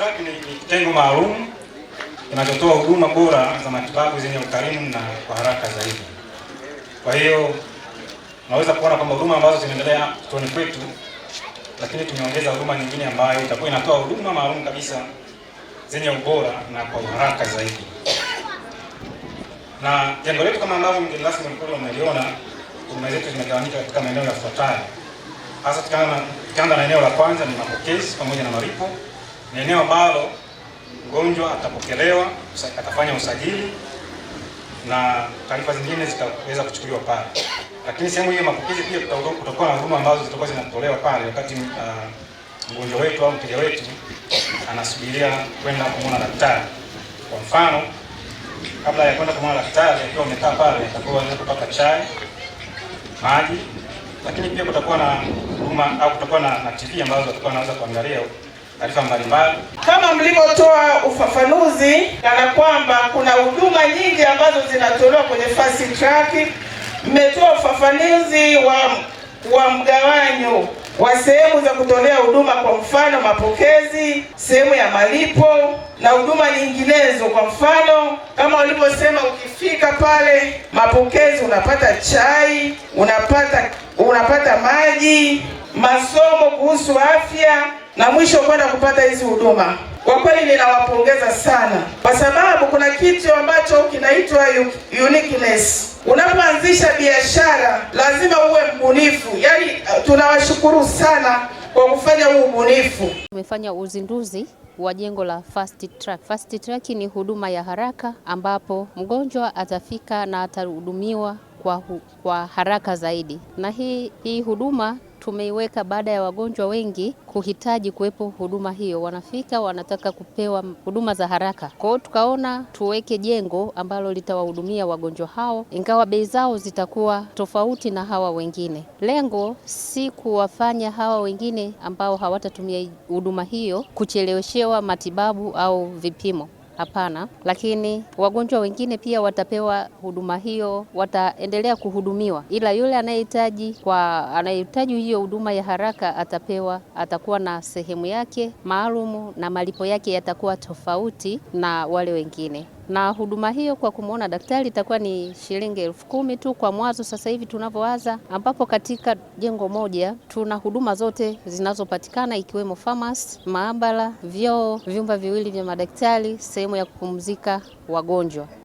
TRAC ni kitengo maalum kinachotoa huduma bora za matibabu zenye ukarimu na kwa haraka zaidi. Kwa hiyo naweza kuona kwamba huduma ambazo zinaendelea kituoni kwetu, lakini tumeongeza huduma nyingine ambayo itakuwa inatoa huduma maalum kabisa zenye ubora na kwa haraka zaidi. Na jengo letu kama ambavyo mgeni rasmi mkuu ameliona, huduma zetu zimegawanyika katika maeneo yafuatayo, hasa tukianza na eneo la kwanza ni mapokezi pamoja na malipo ni eneo ambalo mgonjwa atapokelewa, atafanya usajili na taarifa zingine zitaweza kuchukuliwa pale. Lakini sehemu hiyo mapokezi pia kutakuwa na huduma ambazo zitakuwa zinatolewa pale wakati uh, mgonjwa wetu au mteja wetu anasubiria kwenda kumwona daktari. Kwa mfano, kabla ya kwenda kumwona daktari, akiwa amekaa pale, atakuwa anaweza kupata chai, maji, lakini pia kutakuwa na huduma au kutakuwa na, na TV ambazo atakuwa anaweza kuangalia taarifa mbalimbali kama mlivyotoa ufafanuzi, kana kwamba kuna huduma nyingi ambazo zinatolewa kwenye fast track. Mmetoa ufafanuzi wa, wa mgawanyo wa sehemu za kutolea huduma, kwa mfano mapokezi, sehemu ya malipo na huduma nyinginezo. Kwa mfano kama walivyosema, ukifika pale mapokezi unapata chai, unapata unapata maji, masomo kuhusu afya na mwisho kwenda kupata hizi huduma. Kwa kweli ninawapongeza sana, kwa sababu kuna kitu ambacho kinaitwa uniqueness. Unapoanzisha biashara lazima uwe mbunifu, yaani uh, tunawashukuru sana kwa kufanya huu ubunifu. Tumefanya uzinduzi wa jengo la fast track. Fast track ni huduma ya haraka ambapo mgonjwa atafika na atahudumiwa kwa, hu, kwa haraka zaidi na hii, hii huduma tumeiweka baada ya wagonjwa wengi kuhitaji kuwepo huduma hiyo. Wanafika wanataka kupewa huduma za haraka, kwa hiyo tukaona tuweke jengo ambalo litawahudumia wagonjwa hao, ingawa bei zao zitakuwa tofauti na hawa wengine. Lengo si kuwafanya hawa wengine ambao hawatatumia huduma hiyo kucheleweshewa matibabu au vipimo hapana. Lakini wagonjwa wengine pia watapewa huduma hiyo, wataendelea kuhudumiwa, ila yule anayehitaji kwa anayehitaji hiyo huduma ya haraka atapewa, atakuwa na sehemu yake maalumu na malipo yake yatakuwa tofauti na wale wengine na huduma hiyo kwa kumwona daktari itakuwa ni shilingi elfu kumi tu kwa mwazo sasa hivi tunavyowaza ambapo katika jengo moja tuna huduma zote zinazopatikana ikiwemo famasi, maabara, vyoo, vyumba viwili vya madaktari, sehemu ya kupumzika wagonjwa.